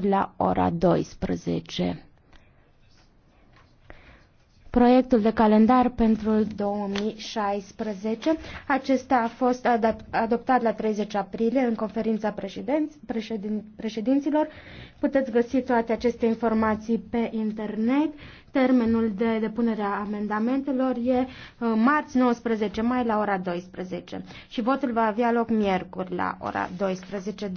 la ora 12. Proiectul de calendar pentru 2016, acesta a fost adoptat la 30 aprilie în conferința președinț președin președinților. Puteți găsi toate aceste informații pe internet. Termenul de depunere a amendamentelor e uh, marți 19 mai la ora 12 și votul va avea loc miercuri la ora 12.